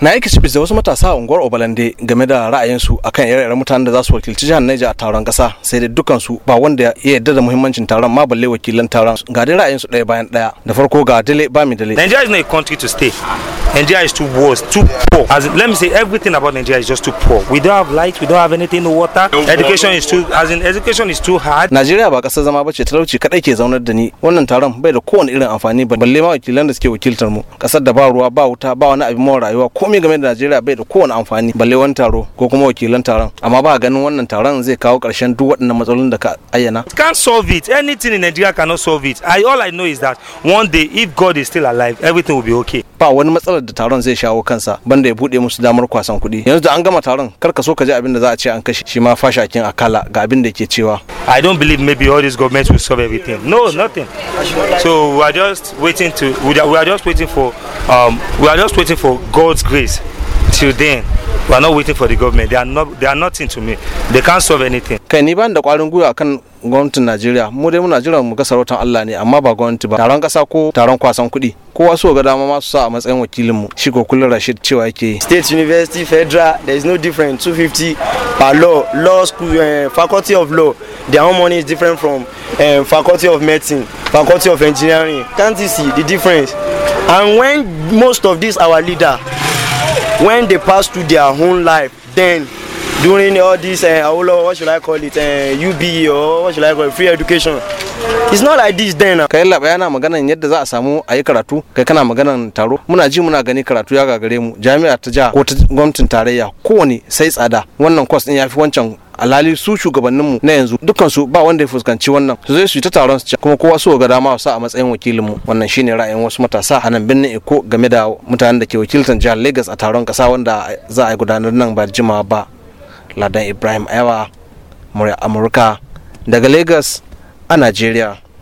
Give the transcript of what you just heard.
na yi shi da wasu matasa a unguwar obalande game da ra'ayinsu a kan yare mutanen da za su wakilci jihar naija a taron kasa sai dai dukansu ba wanda ya yarda da muhimmancin taron ma balle wakilan taron ga dai ra'ayinsu ɗaya bayan ɗaya da farko ga dale ba mi dale Nigeria is not a country to stay Nigeria is too worse, too poor. As let me say, everything about Nigeria is just too poor. We don't have light, we don't have anything, no water. education is too, as in education is too hard. Nigeria ba kasa zama bace talauci kadai ke zaunar da ni. Wannan taron bai da kowane irin amfani ba balle ma wakilan da suke wakiltar mu. Kasar da ba ruwa, ba wuta, ba wani abin more rayuwa, komai game da nigeria bai da kowane amfani balle wani taro ko kuma wakilan taron. Amma ba ganin wannan taron zai kawo ƙarshen duk waɗannan matsalolin da ka ayyana. It can't solve it. Anything in Nigeria cannot solve it. I all I know is that one day if God is still alive, everything will be okay. ba wani matsalar da taron zai shawo kansa banda ya bude musu damar kwasan kuɗi yanzu da an gama taron kar ka so ka ji abin da za a ce an kashe shi ma fashakin akala ga abin da ke cewa i don't believe maybe all these governments will solve everything no nothing so we are just waiting to we are just waiting for um, we are just waiting for god's grace till then we are not waiting for the government they are not they are nothing to me they can't solve anything kai ni ban da kwarin gwiwa kan gwamnatin Najeriya mu dai mu jiran mu ga sarautar Allah ne amma ba gwamnati ba taron kasa ko taron kwasan kuɗi kowa so ga dama ma su sa a matsayin wakilin mu shi ko kullun Rashid cewa yake State University Federal there is no different 250 per law law school uh, faculty of law their own money is different from uh, faculty of medicine faculty of engineering can't you see the difference and when most of these our leader when they pass through their own life then during all this uh, what should i call it uh, eh, ube or what should i call it free education it's not like this then ah. kai labai yana maganan yadda za a samu a yi karatu kai kana maganan taro muna ji muna gani karatu ya gagare mu jami'a ta jiha ko ta gwamnatin tarayya kowane sai tsada wannan course din yafi wancan alhali su shugabannin mu na yanzu dukansu ba wanda ya fuskanci wannan su zai su ta taron su kuma kowa so ga dama sa a matsayin mu wannan shine ra'ayin wasu matasa a nan birnin Eko game da mutanen da ke wakiltar jihar Lagos a taron kasa wanda za a gudanar nan ba jimawa ba Ladan Ibrahim Aiwa murya Amurka daga Lagos a Najeriya